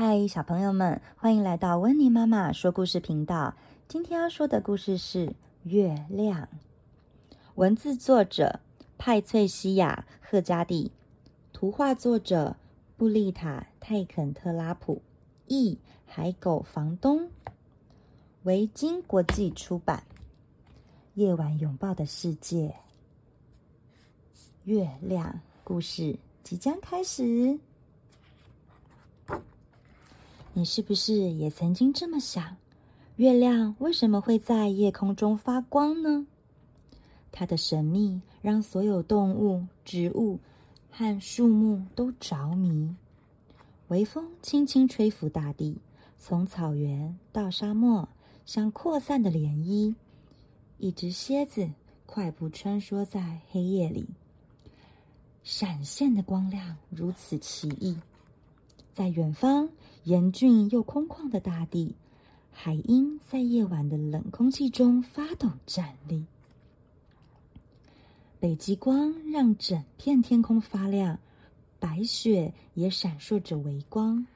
嗨，Hi, 小朋友們，歡迎來到溫妮媽媽說故事頻道。今天要說的故事是《月亮》，文字作者派翠西亞·赫加蒂，圖畫作者布麗塔·泰肯特拉普，譯海狗房東，維京國際出版，《夜晚擁抱的世界》。月亮故事即將開始。你是不是也曾經這麼想？月亮為什麼會在夜空中發光呢？它的神秘讓所有動物、植物和樹木都着迷。微風輕輕吹拂大地，從草原到沙漠，像擴散的漣漪。一隻蠍子快步穿梭在黑夜裡，閃現的光亮如此奇異。在遠方，嚴峻又空曠的大地，海鷹在夜晚的冷空氣中發抖站立。北極光讓整片天空發亮，白雪也閃爍着微光。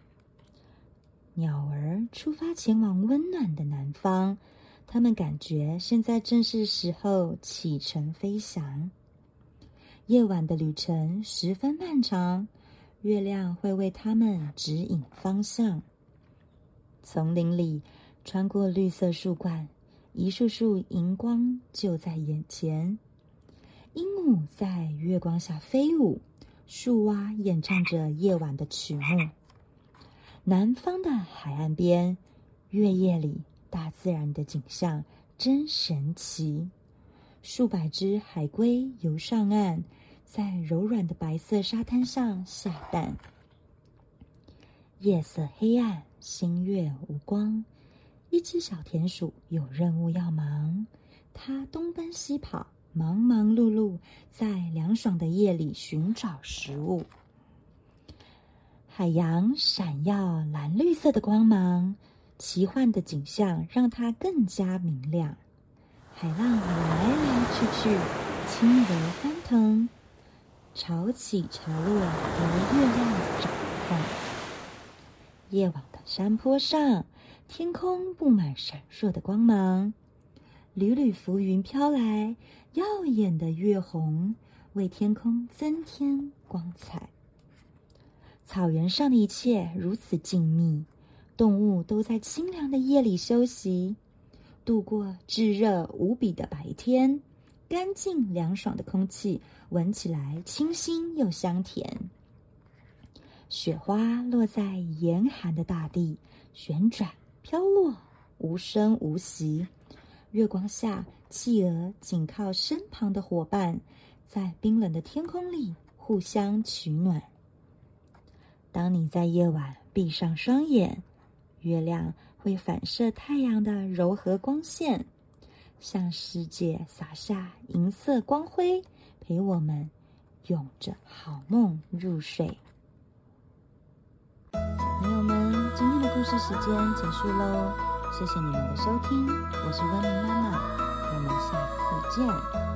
鳥兒出發前往溫暖的南方，它們感覺現在正是時候啟程飛翔。夜晚的旅程十分漫長。月亮會為他們指引方向。叢林裡，穿過綠色樹冠，一束束熒光就在眼前。鸚鵡在月光下飛舞，樹蛙演唱着夜晚的曲目。南方的海岸邊，月夜裡，大自然的景象真神奇。數百隻海龜游上岸。在柔軟的白色沙灘上下蛋。夜色黑暗，星月無光。一隻小田鼠有任務要忙，它東奔西跑，忙忙碌碌，在涼爽的夜裡尋找食物。海洋閃耀藍綠色的光芒，奇幻的景象讓它更加明亮。海浪來來去去，輕柔翻騰。潮起潮落，和月亮轉換。夜晚的山坡上，天空佈滿閃爍的光芒，縷縷浮雲飄來，耀眼的月紅為天空增添光彩。草原上的一切如此靜謐，動物都在清涼的夜裡休息，度過炙熱無比的白天。乾淨涼爽的空氣，聞起來清新又香甜。雪花落在嚴寒的大地，旋轉飄落，無聲無息。月光下，企鵝緊靠身旁的夥伴，在冰冷的天空裡互相取暖。當你在夜晚閉上雙眼，月亮會反射太陽的柔和光線。向世界灑下銀色光輝，陪我們擁着好夢入睡。小朋友們，今天的故事時間結束嘍，謝謝你們的收聽，我是溫妮媽媽，我們下次見。